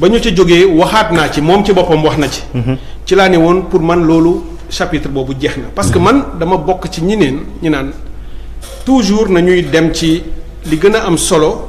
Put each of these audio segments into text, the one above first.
ba ñu ci jógee waxaat naa ci moom ci boppam wax na ci. Mhm. ci laa ne woon pour man loolu chapitre boobu jeex na. parce que mhm. man dama bokk ci ñi neen ñi naan toujours nañuy dem ci li gën a am solo.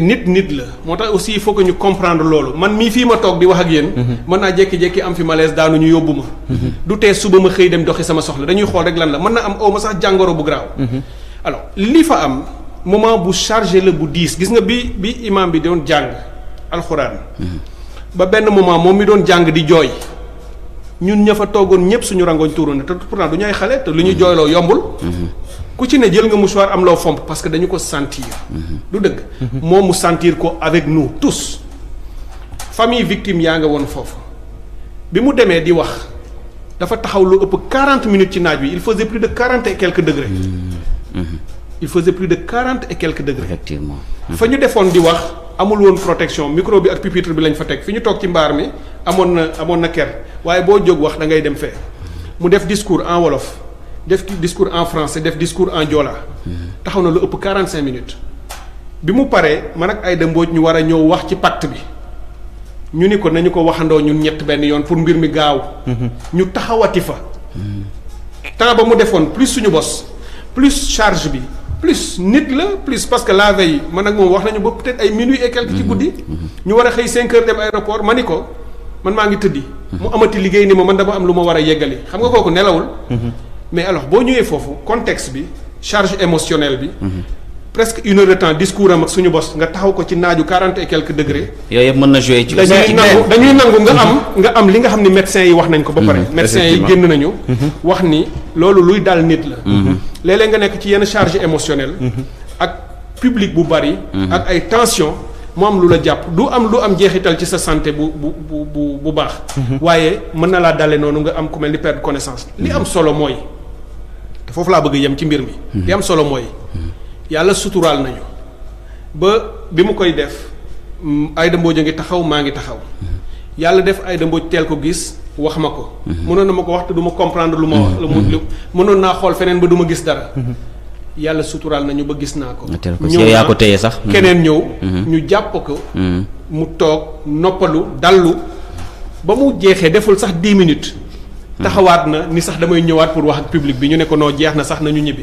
nit nit la moo tax aussi il ñu comprendre loolu man mii fii ma toog di wax ak yéen. Mhm. mën naa jékki-jékki am fi malaise daanu ñu yóbbu ma. Mhm. du tee suba ma xëy dem doxi sama soxla dañuy xool rek lan la mën na am aw ma sax jàngoro bu garaaw. Mhm. alors li fa am moment bu chargé la bu diis gis nga bi bi imam bi doon jàng alxuraan. ba benn moment moom mi doon jàng di jooy. ñun ña fa toogoon ñëpp suñu rangoñ turoon na te pourtant du ñu ay xale te lu ñu jooyloo yombul. ku ne nga mouchoir parce que dañu ko sentir. du sentir avec nous tous. famille victime ya nga won fofu bi mu di wax dafa minutes ci il faisait plus de 40 et quelques degrés. Mm-hmm. Mm-hmm. il faisait plus de 40 et quelques degrés. effectivement mm-hmm. fa ñu defoon di wax amul protection micro ak pupitre bi lañ fa tek fi ñu tok ci na na ker discours en wolof. def discours en français def discours en Jola, taxaw lu ëpp 45 minutes Bimu mu paree man ak ay dëmbooj ñu war a wax ci pacte bi ñu ni ko nañu ko beni ñun ñett benn yoon pour mbir mi gaaw mhm. ñu taxawati fa ta ba mu defoon plus suñu bos plus charge bi plus nit la plus parce que la veille man ak moom wax nañu ba peut être ay minuit et quelque ci mhm. guddi mhm. ñu war a 5 heures dem aéroport ma ko man maa ngi tëddi mu amati liggéey ni ma man dama am lu ma war a yeggali xam nga kooku nelawul mais alors boo ñëwee foofu contexte bi charge émotionnelle bi. presque une heure de temps discours am ak suñu bos nga taxaw ko ci naaju quarante et quelques degrés. yooyu yëpp mën na joué ci. dañuy nangu dañuy nga am mhm. nga am li nga xamni ni médecins yi wax nañ ko. ba paré mhm. médecins yi génn nañu. Mhm. wax ni lolu luy dal nit la. lélé nga nek ci yene charge émotionnelle. ak public bu bari. ak ay tension mo am lu japp du am lu am jéxital ci sa santé bu bu bu bu baax. wayé mën na laa dale noonu nga am ku melni ni perte connaissance. li am solo moy foofu laa bëgg yem ci mbir mi. li solo mooy. yàlla suturaal nañu. ba bi mu koy def mm, Aïda Mbodj a ngi taxaw maa ngi taxaw. yàlla def Aïda Mbodj teel ko gis wax ma ko. mënoon na ma ko wax duma comprendre lu ma wax. lu mu mënoon naa xool feneen ba du ma gis dara. yàlla suturaal nañu ba gis naa ko. ñëw yaa ko téye sax. keneen ñëw. Mm-hmm. ñu jàpp ko. Mm-hmm. mu toog noppalu dallu ba mu jeexee deful sax dix minute taxawaat na ni sax damay ñëwaat pour wax ak public bi ñu ne ko noo jeex na sax nañu ñibbi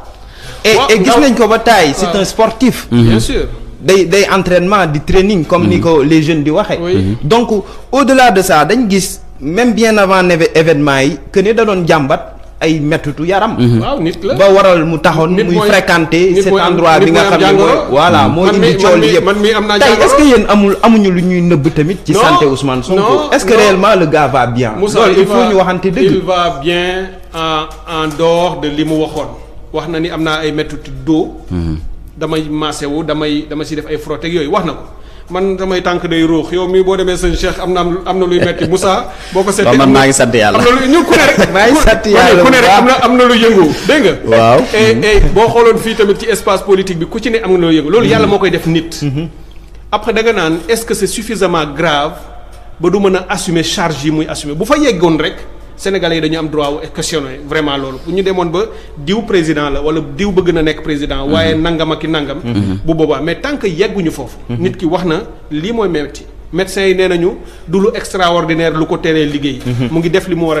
et et gis nañ ko ba taay c'est un sportif. Mhm. bien sûr. day day entraînement du training comme ni mhm. ko les jeunes di waxee. Mhm. donc au-delà de ça dañ gis même bien avant événement que ne da doon jàmbat ay mettitu yaram. waaw nit la ba waral mu taxone muy fréquenter cet endroit bi nga xam ne mooy. voilà moo indi coow li yëpp est-ce que yéen amul amuñu lu ñuy nëbb tamit. ci santé Ousmane Sonko est-ce que réellement le gars va bien. Moussa il faut ñu waxante deug il va bien en en dehors de limu waxone wax na ni am na ay métti doo. Hmm. damay maase wu damay dama si def ay frotte ak yooyu wax na ko man damay tànk day ruux yow mii boo demee sëñ Cheikh am na am na luy metti Moussa. boo ko seetee man maa ngi sant yàlla am na lu maa ngi sant yàlla ku ne rek am na am yëngu dégg nga. Eh, eh, boo xooloon fii tamit ci espace politique bi ku ci ne am na lu yëngu. loolu hmm. yàlla moo koy def nit. Hmm. après da nga naan est-ce que c'est suffisamment grave ba du mën a assumer charge yi muy assumer bu fa yeggoon rek. sénégal yi dañu am droit wu vraiment loolu bu ñu demoon ba diw président la wala diw bëgg na nekk président mhm. waaye nangam ak i nangam mhm. bu boobaa mais tant que yegguñu foofu mhm. nit ki wax na lii mooy metti médecins yi nee nañu du lu extraordinaire lu ko teree liggéey mu ngi def li mu war